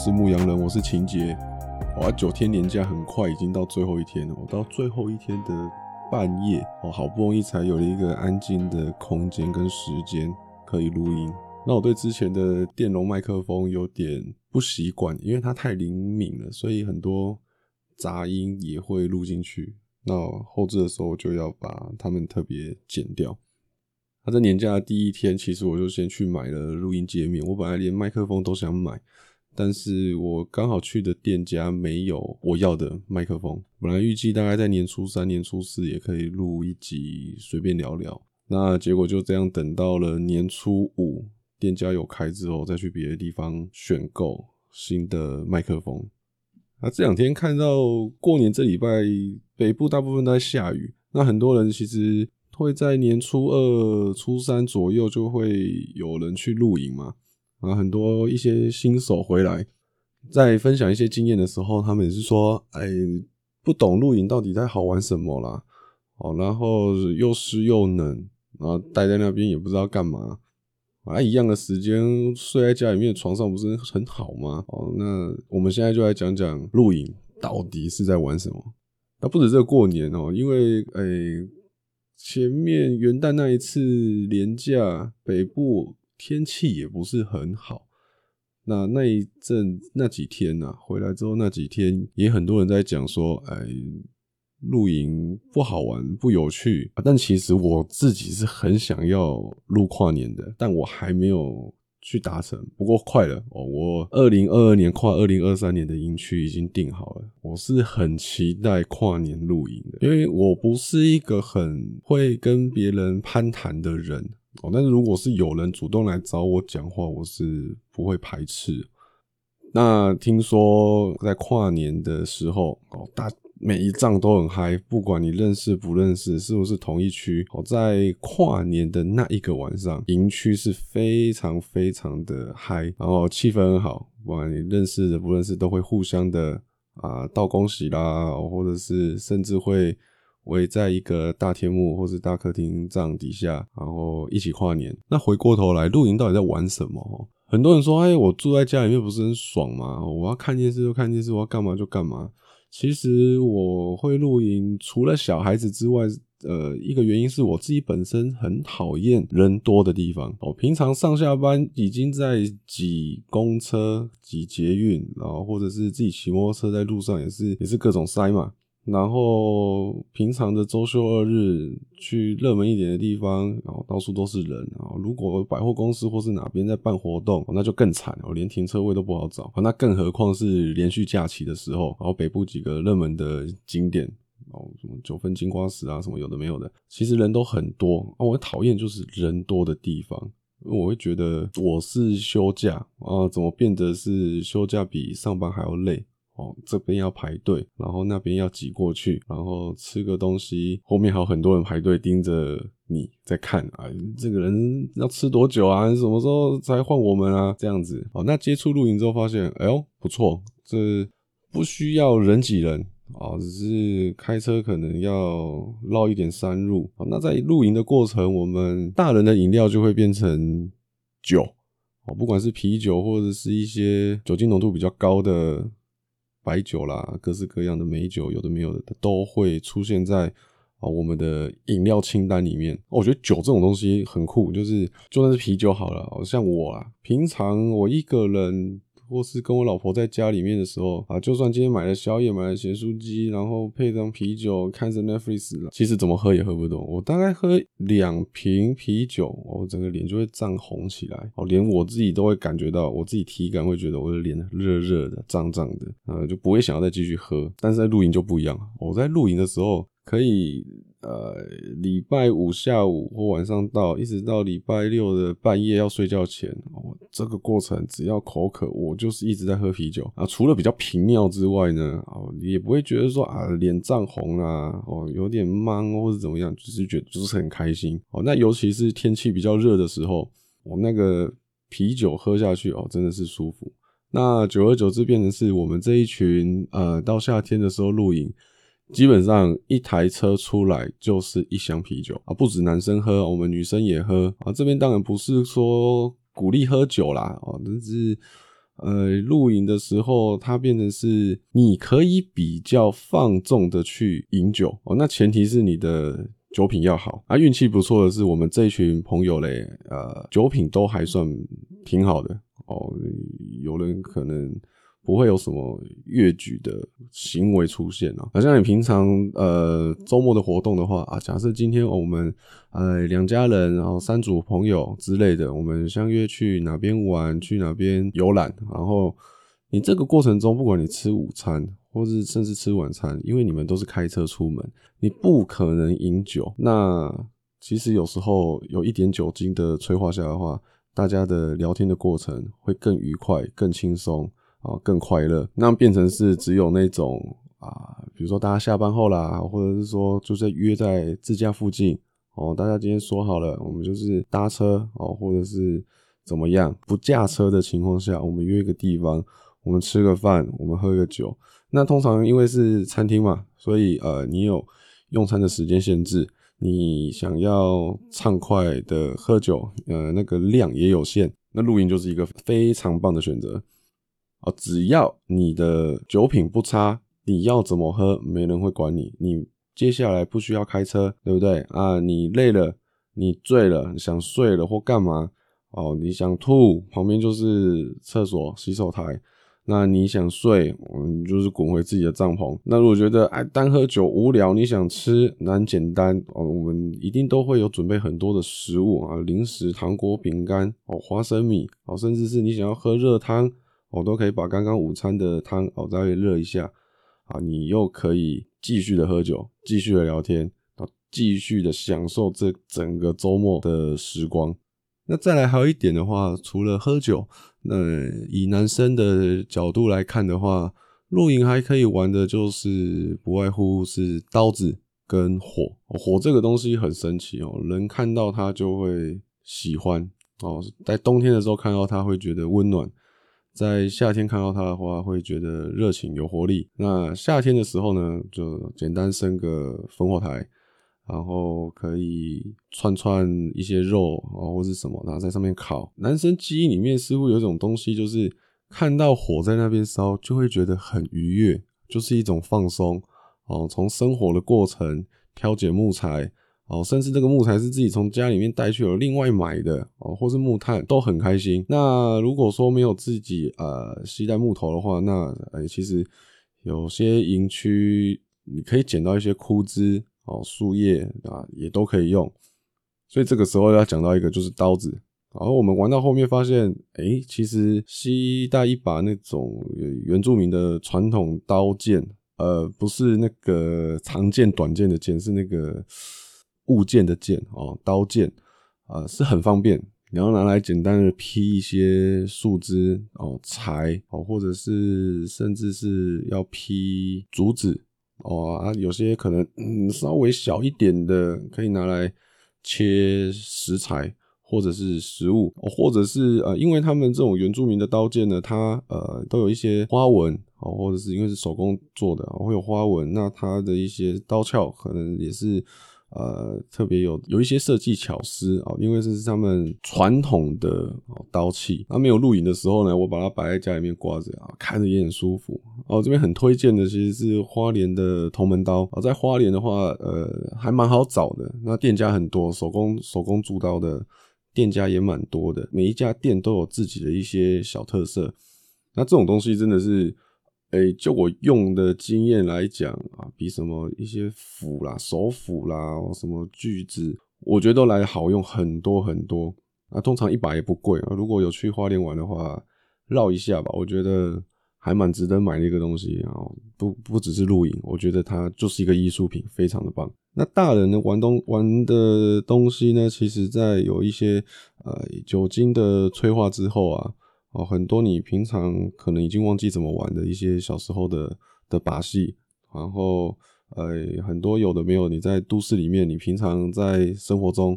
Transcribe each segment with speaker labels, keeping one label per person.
Speaker 1: 我是牧羊人，我是情杰。我、哦、九、啊、天年假很快已經到最後一天了。我到最後一天的半夜，我、哦、好不容易才有了一個安靜的空間跟時間可以錄音。那我對之前的電容麥克風有點不習慣，因為它太靈敏了，所以很多雜音也會錄進去。那我後製的時候就要把它們特別剪掉。我、啊、在年假的第一天，其實我就先去買了錄音介面。我本來連麥克風都想買。但是我剛好去的店家沒有我要的麥克風，本來預計大概在年初三、年初四也可以錄一集隨便聊聊，那結果就這樣等到了年初五，店家有開之後再去別的地方選購新的麥克風。啊，這兩天看到過年這禮拜北部大部分都在下雨，那很多人其實會在年初二、初三左右就會有人去露營嘛。啊，很多一些新手回來，在分享一些經驗的時候，他們也是說，哎、欸，不懂露營到底在好玩什麼啦。哦，然後又濕又冷，然後待在那邊也不知道幹嘛。啊，一樣的時間睡在家裡面床上不是很好嗎？哦，那我們現在就來講講露營到底是在玩什麼。那不只這個過年哦，因為哎、欸，前面元旦那一次連假北部。天氣也不是很好，那那一陣那幾天呢、啊？回來之後那幾天也很多人在講說，哎，露營不好玩，不有趣啊。但其實我自己是很想要露跨年的，但我還沒有去達成。不過快了哦，我二零二二年跨二零二三年的營區已經定好了，我是很期待跨年露營的，因為我不是一個很會跟別人攀談的人。哦，但是如果是有人主動來找我講話，我是不會排斥。那聽說在跨年的時候，哦，大每一帳都很嗨，不管你認識不認識，是不是同一區，哦，在跨年的那一個晚上，營區是非常非常的嗨，然後氣氛很好，不管你認識的不認識，都會互相的啊、呃、道恭喜啦、哦，或者是甚至會。圍在一個大天幕或者大客廳帳底下，然後一起跨年。那回過頭來露營到底在玩什麼？很多人說：“哎，我住在家裡面不是很爽嗎？我要看電視就看電視，我要幹嘛就幹嘛。”其實我會露營，除了小孩子之外，呃，一個原因是我自己本身很討厭人多的地方。哦，平常上下班已經在擠公車、擠捷運，然後或者是自己騎摩托車在路上也是也是各種塞嘛。然後平常的周休二日去熱門一點的地方，然後到處都是人。然後如果百貨公司或是哪邊在辦活動，那就更慘，我連停車位都不好找。那更何況是連續假期的時候，然後北部幾個熱門的景點，哦，什麼九份金瓜石啊，什麼有的沒有的，其實人都很多。啊，我討厭就是人多的地方，因為我會覺得我是休假啊，怎麼變得是休假比上班還要累？這邊要排隊，然後那邊要擠過去，然後吃個東西，後面還有很多人排隊盯着你在看啊，哎，這個人要吃多久啊？什麼時候才換我們啊？這樣子哦。那接觸露營之後發現，哎呦，不錯，這不需要人擠人啊，只是開車可能要繞一點山路。好，那在露營的過程，我們大人的飲料就會變成酒哦，不管是啤酒或者是一些酒精濃度比較高的。白酒啦，各式各樣的美酒，有的沒有的都會出現在啊，哦，我們的飲料清單裡面，哦。我覺得酒這種東西很酷，就是就算是啤酒好了，好，哦，像我啊，平常我一個人。或是跟我老婆在家裡面的時候啊，就算今天買了宵夜，買了鹹酥雞，然後配張啤酒，看着 Netflix，其實怎麼喝也喝不動。我大概喝兩瓶啤酒，我、哦、整個臉就會漲紅起來，哦，連我自己都會感覺到，我自己體感會覺得我的臉熱熱的、脹脹的，呃、啊，就不會想要再繼續喝。但是在露營就不一樣，我、哦、在露營的時候。可以，呃，禮拜五下午或晚上到，一直到禮拜六的半夜要睡覺前，哦，這個過程只要口渴，我就是一直在喝啤酒啊。除了比較頻尿之外呢，哦，你也不會覺得說啊臉漲紅啊，哦，有點茫或者怎麼樣，就是覺得就是很開心哦。那尤其是天氣比較熱的時候，我、哦、那個啤酒喝下去哦，真的是舒服。那久而久之，變成是我們這一群呃，到夏天的時候露營。基本上一台車出來就是一箱啤酒啊，不止男生喝，我們女生也喝啊。這邊當然不是說鼓勵喝酒啦，哦，但是呃，露營的時候它變成是你可以比較放縱的去飲酒，那前提是你的酒品要好啊。運氣不錯的是，我們這群朋友嘞，呃，酒品都還算挺好的哦，呃。有人可能。不會有什麼越矩的行為出現哦、啊。好像你平常呃周末的活動的話啊，假設今天我們呃兩家人，然後三組朋友之類的，我們相約去哪邊玩，去哪邊遊覽。然後你這個過程中，不管你吃午餐，或是甚至吃晚餐，因為你們都是開車出門，你不可能飲酒。那其實有時候有一點酒精的催化下的話，大家的聊天的過程會更愉快、更輕鬆。啊，更快樂，那變成是只有那種啊、呃，比如說大家下班後啦，或者是說就是約在自家附近哦，大家今天說好了，我們就是搭車哦，或者是怎麼樣，不駕車的情況下，我們約一個地方，我們吃個飯，我們喝個酒。那通常因為是餐廳嘛，所以呃，你有用餐的時間限制，你想要暢快的喝酒，呃，那個量也有限。那露營就是一個非常棒的選擇。哦，只要你的酒品不差，你要怎麼喝，沒人會管你。你接下來不需要開車，對不對？啊，你累了，你醉了，你想睡了或幹嘛？哦，你想吐，旁邊就是廁所、洗手台。那你想睡，我們就是滾回自己的帳篷。那如果覺得哎，單喝酒無聊，你想吃，那很簡單哦，我們一定都會有準備很多的食物啊，零食、糖果、餅乾、哦花生米，哦，甚至是你想要喝熱湯。我都可以把剛剛午餐的湯哦再熱一下啊，你又可以繼續的喝酒，繼續的聊天，然後繼續的享受這整個週末的時光。那再來還有一點的話，除了喝酒，那以男生的角度來看的話，露營還可以玩的就是不外乎是刀子跟火。火這個東西很神奇哦，人看到它就會喜歡哦，在冬天的時候看到它會覺得溫暖。在夏天看到它的話，會覺得熱情有活力。那夏天的時候呢，就簡單生個烽火台，然後可以串串一些肉哦，或是什麼，然後在上面烤。男生記憶裡面似乎有一種東西，就是看到火在那邊燒，就會覺得很愉悅，就是一種放鬆哦。從生火的過程，挑揀木材。哦，甚至這個木材是自己從家裡面帶去，有另外買的哦，或是木炭都很開心。那如果說沒有自己呃攜帶木頭的話，那、欸、其實有些營區你可以撿到一些枯枝哦、樹葉啊，也都可以用。所以這個時候要講到一個就是刀子。然後我們玩到後面發現，誒、欸、其實攜帶一把那種原住民的傳統刀劍，呃，不是那個長劍、短劍的劍，是那個。物件的件哦，刀劍啊、呃、是很方便，你要拿來簡單的劈一些樹枝哦、柴哦，或者是甚至是要劈竹子哦啊，有些可能嗯稍微小一點的可以拿來切食材或者是食物，哦、或者是呃，因為他們這種原住民的刀劍呢，它呃都有一些花紋哦，或者是因為是手工做的、哦、會有花紋，那它的一些刀鞘可能也是。呃，特別有有一些設計巧思啊、哦，因為這是他們傳統的、哦、刀器。那、啊、沒有露營的時候呢，我把它擺在家裡面掛着啊，看着也很舒服。哦，這邊很推薦的其實是花蓮的銅門刀。啊、哦，在花蓮的話，呃，還蠻好找的。那店家很多，手工手工鑄刀的店家也蠻多的，每一家店都有自己的一些小特色。那這種東西真的是，哎、欸，就我用的經驗來講。比什麼一些斧啦、手斧啦、什麼鋸子，我覺得都來好用很多很多。那、啊、通常一把也不貴啊。如果有去花蓮玩的話，繞一下吧，我覺得還蠻值得買那個東西啊、喔。不，不只是露營，我覺得它就是一個藝術品，非常的棒。那大人呢玩東玩的東西呢，其實在有一些呃酒精的催化之後啊，哦、喔，很多你平常可能已經忘記怎麼玩的一些小時候的的把戲。然後，呃、哎，很多有的沒有。你在都市裡面，你平常在生活中，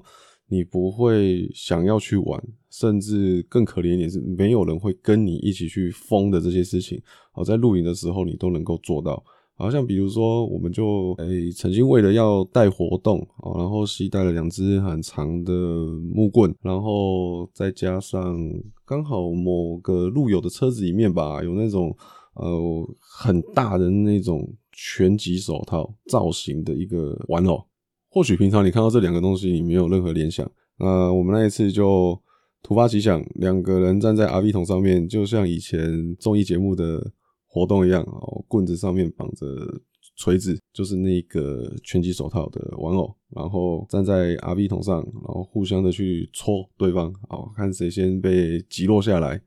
Speaker 1: 你不會想要去玩，甚至更可憐一點是，沒有人會跟你一起去瘋的這些事情。好，在露營的時候，你都能夠做到。好像比如說，我們就誒、哎、曾經為了要帶活動，啊，然後攜帶了兩只很長的木棍，然後再加上剛好某個露友的車子裡面吧，有那種呃很大的那種。拳擊手套造型的一個玩偶。或許平常你看到這兩個東西，你沒有任何聯想。呃，我們那一次就突發奇想，兩個人站在 RV 桶上面，就像以前綜藝節目的活動一樣，然後棍子上面綁着錘子，就是那個拳擊手套的玩偶，然後站在 RV 桶上，然後互相的去戳對方，好，看誰先被擊落下來。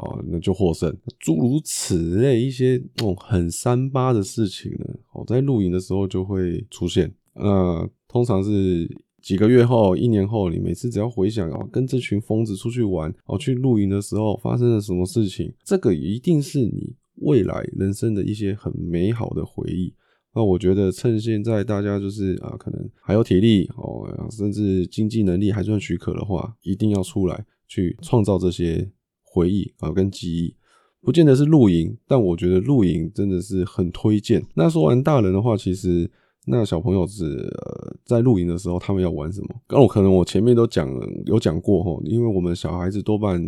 Speaker 1: 哦，那就獲勝。諸如此類一些那種很三八的事情呢，哦，在露營的時候就會出現。呃，通常是幾個月後、一年後，你每次只要回想哦，跟這群瘋子出去玩，哦，去露營的時候發生了什麼事情，這個一定是你未來人生的一些很美好的回憶。那我覺得，趁現在大家就是啊，可能還有體力哦，甚至經濟能力還算許可的話，一定要出來去創造這些。回憶啊、呃，跟記憶，不見得是露營，但我覺得露營真的是很推薦。那說完大人的話，其實那小朋友只、呃、在露營的時候，他們要玩什麼？剛我可能我前面都講有講過吼，因為我們小孩子多半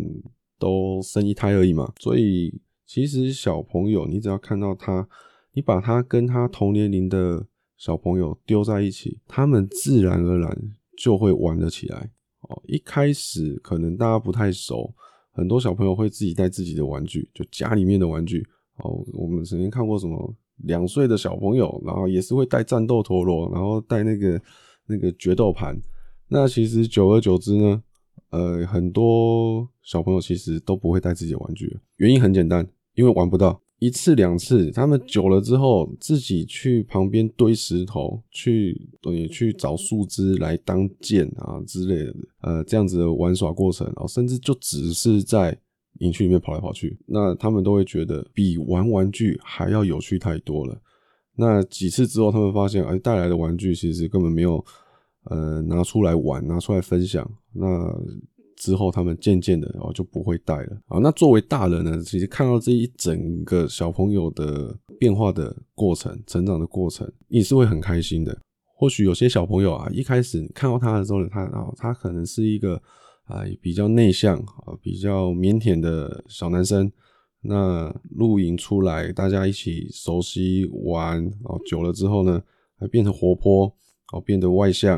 Speaker 1: 都生一胎而已嘛，所以其實小朋友，你只要看到他，你把他跟他同年齡的小朋友丟在一起，他們自然而然就會玩得起來。哦，一開始可能大家不太熟。很多小朋友會自己帶自己的玩具，就家裡面的玩具。哦，我們曾經看過什麼兩歲的小朋友，然後也是會帶戰鬥陀螺，然後帶那個那個決鬥盤。那其實久而久之呢，呃，很多小朋友其實都不會帶自己的玩具了。原因很簡單，因為玩不到。一次兩次，他們久了之後，自己去旁邊堆石頭，去也去找樹枝來當劍啊之類的，呃，這樣子的玩耍過程，然後甚至就只是在營區裡面跑來跑去，那他們都會覺得比玩玩具還要有趣太多了。那幾次之後，他們發現，哎、呃，帶來的玩具其實根本沒有，呃，拿出來玩，拿出來分享，那。之後，他們漸漸的哦就不會帶了啊。那作為大人呢，其實看到這一整個小朋友的變化的過程、成長的過程，你是會很開心的。或許有些小朋友啊，一開始看到他的時候呢，他哦，他可能是一個啊比較內向、啊比較靦腆的小男生。那露營出來，大家一起熟悉玩，啊，久了之後呢，還變得活潑，啊，變得外向，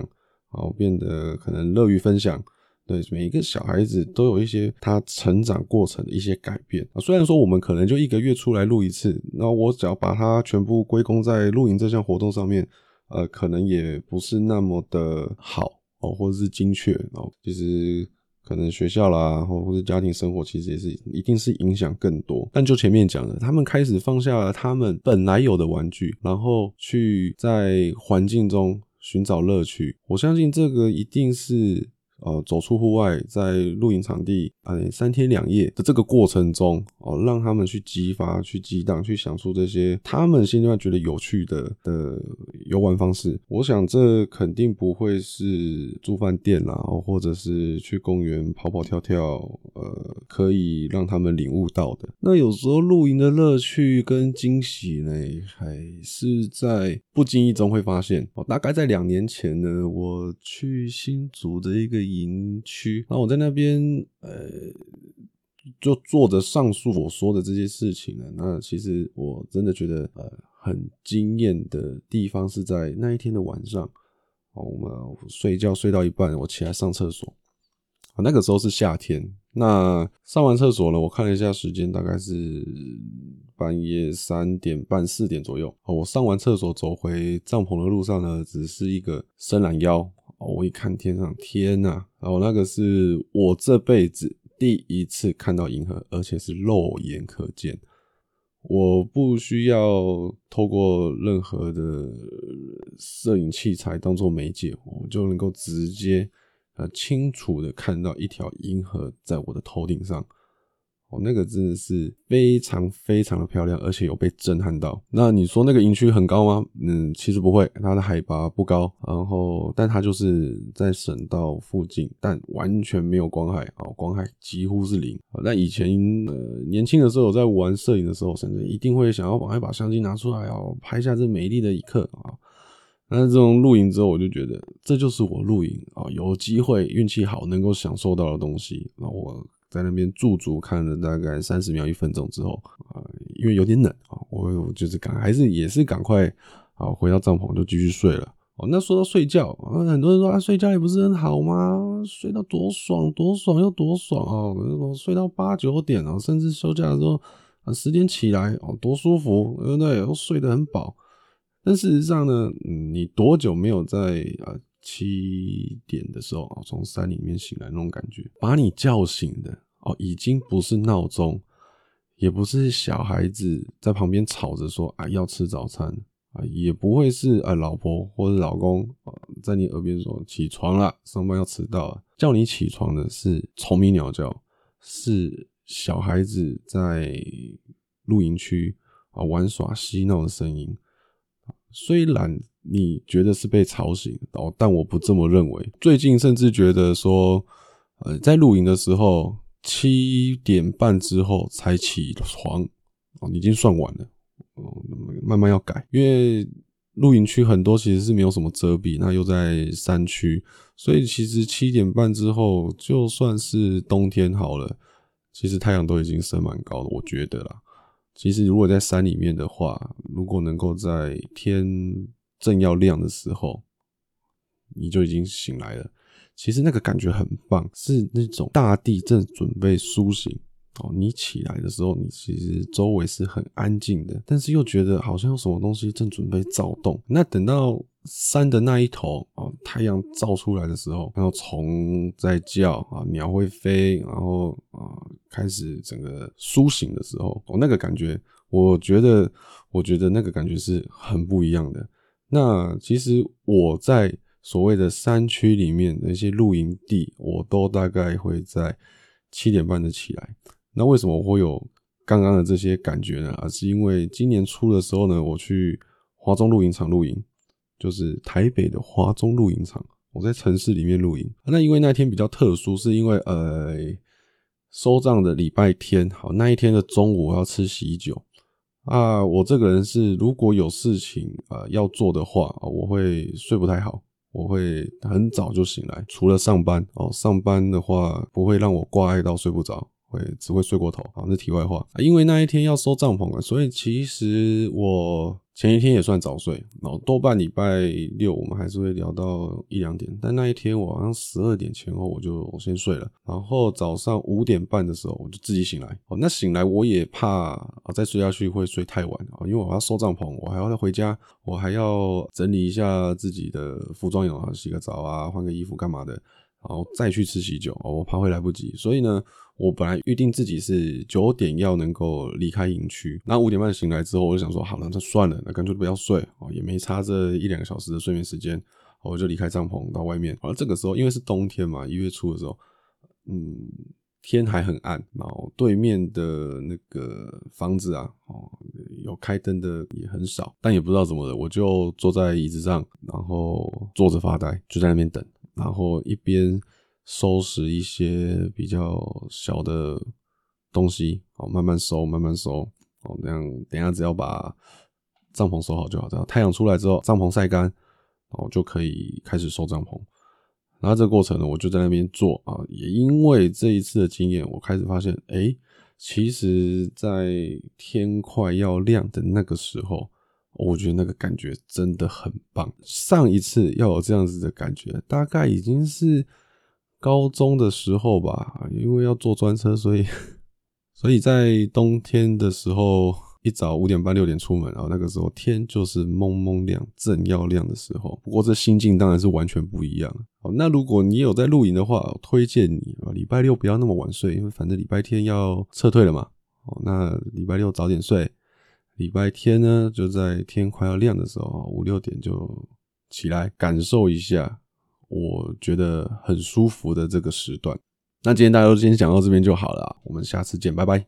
Speaker 1: 啊，變得可能樂於分享。對，每一個小孩子都有一些他成長過程的一些改變啊，雖然說我們可能就一個月出來露一次，那我只要把它全部歸功在露營這項活動上面，呃，可能也不是那麼的好哦，或者是精確哦，其實可能學校啦，或或者家庭生活其實也是一定是影響更多。但就前面講的，他們開始放下了他們本來有的玩具，然後去在環境中尋找樂趣。我相信這個一定是。呃，走出戶外，在露營場地，哎，三天兩夜的這個過程中，哦，讓他們去激發、去激盪、去想出這些他們現在覺得有趣的的遊玩方式。我想這肯定不會是住飯店啦，或者是去公園跑跑跳跳，呃，可以讓他們領悟到的。那有時候露營的樂趣跟驚喜呢，還是在不經意中會發現。哦，大概在兩年前呢，我去新竹的一個。營區，然後我在那邊，呃，就做着上述我說的這些事情呢，那其實我真的覺得，呃，很驚艷的地方是在那一天的晚上，哦，我們我睡覺睡到一半，我起來上廁所。那個時候是夏天。那上完廁所呢，我看了一下時間，大概是半夜三點半、四點左右。啊，我上完廁所走回帳篷的路上呢，只是一個伸懶腰。哦，我一看天上，天哪，啊！然後，哦，那個是我這輩子第一次看到銀河，而且是肉眼可見。我不需要透過任何的攝影器材當做媒介，我就能夠直接呃清楚的看到一條銀河在我的頭頂上。哦，那個真的是非常非常的漂亮，而且有被震撼到。那你說那個營區很高嗎？嗯，其實不會，它的海拔不高。然後，但它就是在省道附近，但完全沒有光害啊、哦，光害幾乎是零。那、哦、以前呃年輕的時候在玩攝影的時候，甚至一定會想要把一把相機拿出來哦，拍下這美麗的一刻啊、哦。但是這種露營之後，我就覺得這就是我露營啊、哦，有機會運氣好能夠享受到的東西。那、哦、我。在那邊駐足看了大概三十秒、一分鐘之後，啊，因為有點冷啊，我就是趕還是也是趕快啊回到帳篷就繼續睡了。哦，那說到睡覺啊，很多人說啊睡覺也不是很好嗎？睡到多爽多爽又多爽啊。睡到八九點啊，甚至休假的時候啊，十點起來哦多舒服，對不對？睡得很飽。但事實上呢，你多久沒有在啊？七點的時候啊，從山裡面醒來那種感覺，把你叫醒的哦，已經不是鬧鐘，也不是小孩子在旁邊吵着說啊要吃早餐啊，也不會是啊老婆或者老公、啊、在你耳邊說起床啦，上班要遲到了，叫你起床的是蟲鳴鳥叫，是小孩子在露營區啊玩耍嬉鬧的聲音。雖然你覺得是被吵醒哦，但我不這麼認為。最近甚至覺得說，呃，在露營的時候七點半之後才起床哦，你已經算晚了哦。慢慢要改，因為露營區很多其實是沒有什麼遮蔽，那又在山區，所以其實七點半之後就算是冬天好了，其實太陽都已經升蠻高了，我覺得啦。其實，如果在山裡面的話，如果能夠在天正要亮的時候，你就已經醒來了。其實那個感覺很棒，是那種大地正準備甦醒哦。你起來的時候，你其實周圍是很安靜的，但是又覺得好像有什麼東西正準備躁動。那等到。山的那一頭啊、哦，太陽照出來的時候，然後蟲在叫啊，鳥會飛，然後啊開始整個甦醒的時候哦，那個感覺，我覺得，我覺得那個感覺是很不一樣的。那其實我在所謂的山區裡面那些露營地，我都大概會在七點半就起來。那為什麼我會有剛剛的這些感覺呢？而是因為今年初的時候呢，我去華中露營場露營。就是台北的華中露營場，我在城市裡面露營。那因為那天比較特殊，是因為呃收帳的禮拜天，好那一天的中午我要吃喜酒啊。我這個人是如果有事情呃要做的話，我會睡不太好，我會很早就醒來。除了上班哦，上班的話不會讓我掛礙到睡不着，會只會睡過頭。好，那題外話，因為那一天要收帳篷了所以其實我。前一天也算早睡，然後多半禮拜六我們還是會聊到一兩點，但那一天我好像十二點前後我就我先睡了，然後早上五點半的時候我就自己醒來，哦，那醒來我也怕啊再睡下去會睡太晚啊，因為我要收帳篷，我還要再回家，我還要整理一下自己的服裝啊，洗個澡啊，換個衣服幹嘛的，然後再去吃喜酒，哦，我怕會來不及，所以呢。我本來預定自己是九點要能夠離開營區，那五點半醒來之後，我就想說好了，那算了，那乾脆不要睡哦，也沒差這一兩個小時的睡眠時間，我就離開帳篷到外面。然後這個時候因為是冬天嘛，一月初的時候，嗯，天還很暗，然後對面的那個房子啊，哦，有開燈的也很少，但也不知道怎麼的，我就坐在椅子上，然後坐着發呆，就在那邊等，然後一邊。收拾一些比較小的東西，哦，慢慢收，慢慢收，哦，這樣等一下只要把帳篷收好就好。這樣太陽出來之後，帳篷曬乾，哦，就可以開始收帳篷。然後這個過程呢，我就在那邊做啊。也因為這一次的經驗，我開始發現，哎、欸，其實，在天快要亮的那個時候，我覺得那個感覺真的很棒。上一次要有這樣子的感覺，大概已經是。高中的時候吧，因為要坐專車，所以所以在冬天的時候，一早五點半、六點出門，然後那個時候天就是濛濛亮，正要亮的時候。不過這心境當然是完全不一樣。哦，那如果你有在露營的話，我推薦你禮拜六不要那麼晚睡，因為反正禮拜天要撤退了嘛。哦，那禮拜六早點睡，禮拜天呢就在天快要亮的時候，五六點就起來，感受一下。我覺得很舒服的這個時段，那今天大家都先講到這邊就好了，我們下次見，拜拜。